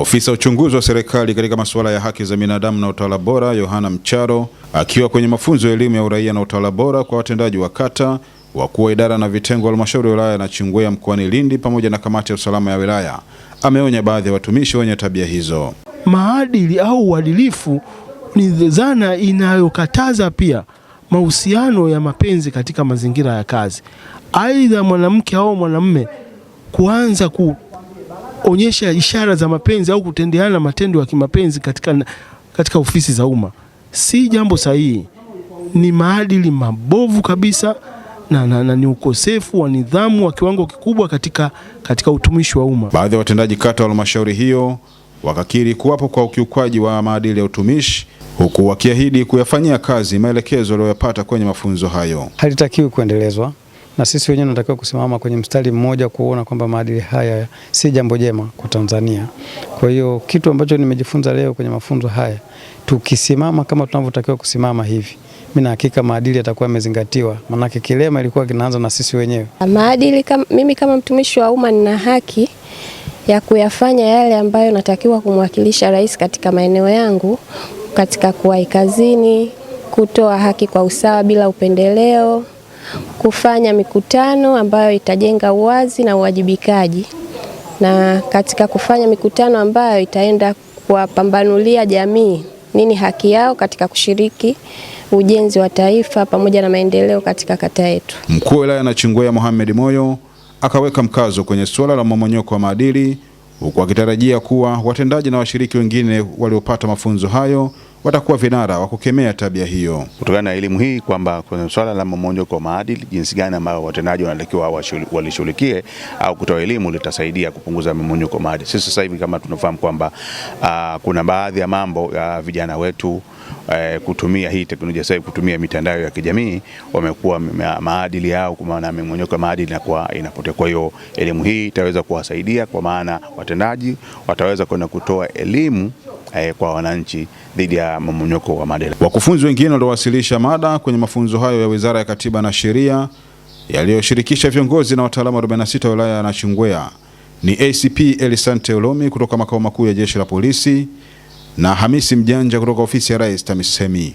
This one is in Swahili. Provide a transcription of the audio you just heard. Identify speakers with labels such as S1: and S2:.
S1: Ofisa uchunguzi wa serikali katika masuala ya haki za binadamu na utawala bora, Yohana Mcharo, akiwa kwenye mafunzo ya elimu ya uraia na utawala bora kwa watendaji wa kata, wakuu wa idara na vitengo wa halmashauri ya wilaya na Chingwea mkoani Lindi pamoja na kamati ya usalama ya wilaya, ameonya baadhi ya watumishi wenye tabia hizo.
S2: Maadili au uadilifu ni dhana inayokataza pia mahusiano ya mapenzi katika mazingira ya kazi, aidha mwanamke au mwanamume kuanza ku onyesha ishara za mapenzi au kutendeana matendo ya kimapenzi katika, katika ofisi za umma si jambo sahihi, ni maadili mabovu kabisa na, na, na ni ukosefu wa nidhamu wa kiwango kikubwa katika, katika utumishi wa umma.
S1: Baadhi ya watendaji kata wa halmashauri hiyo wakakiri kuwapo kwa ukiukwaji wa maadili ya utumishi huku wakiahidi kuyafanyia kazi maelekezo waliyoyapata kwenye mafunzo hayo.
S3: Halitakiwi kuendelezwa na sisi wenyewe tunatakiwa kusimama kwenye mstari mmoja kuona kwamba maadili haya si jambo jema kwa Tanzania. Kwa hiyo kitu ambacho nimejifunza leo kwenye mafunzo haya, tukisimama kama tunavyotakiwa kusimama hivi, mimi na hakika maadili yatakuwa yamezingatiwa, maanake kilema ilikuwa kinaanza na sisi wenyewe.
S4: Maadili kama, mimi kama mtumishi wa umma nina haki ya kuyafanya yale ambayo natakiwa kumwakilisha rais katika maeneo yangu, katika kuwahi kazini, kutoa haki kwa usawa bila upendeleo kufanya mikutano ambayo itajenga uwazi na uwajibikaji, na katika kufanya mikutano ambayo itaenda kuwapambanulia jamii nini haki yao katika kushiriki ujenzi wa taifa pamoja na maendeleo katika kata yetu.
S1: Mkuu wa wilaya ya Nachingwea Mohamed Moyo akaweka mkazo kwenye suala la mmomonyoko wa maadili huku akitarajia kuwa watendaji na washiriki wengine waliopata mafunzo hayo watakuwa vinara wa kukemea tabia hiyo.
S5: Kutokana na elimu hii kwamba kwenye swala la mmomonyoko wa maadili, jinsi gani ambayo watendaji wanatakiwa walishughulikie au kutoa elimu, litasaidia kupunguza mmomonyoko wa maadili. Sisi sasa hivi kama tunafahamu kwamba uh, kuna baadhi ya mambo ya vijana wetu uh, kutumia hii teknolojia sasa, kutumia mitandao ya kijamii, wamekuwa maadili yao kwa maana mmomonyoko wa maadili inakuwa inapotea. Kwa hiyo elimu hii itaweza kuwasaidia, kwa maana watendaji wataweza kwenda kutoa elimu eh, kwa wananchi dhidi ya mmomonyoko wa maadili.
S1: Wakufunzi wengine waliowasilisha mada kwenye mafunzo hayo ya Wizara ya Katiba na Sheria yaliyoshirikisha viongozi na wataalamu 46 wa wilaya ya Nachingwea ni ACP Elisante Olomi kutoka makao makuu ya Jeshi la Polisi na Hamisi Mjanja kutoka ofisi ya Rais TAMISEMI.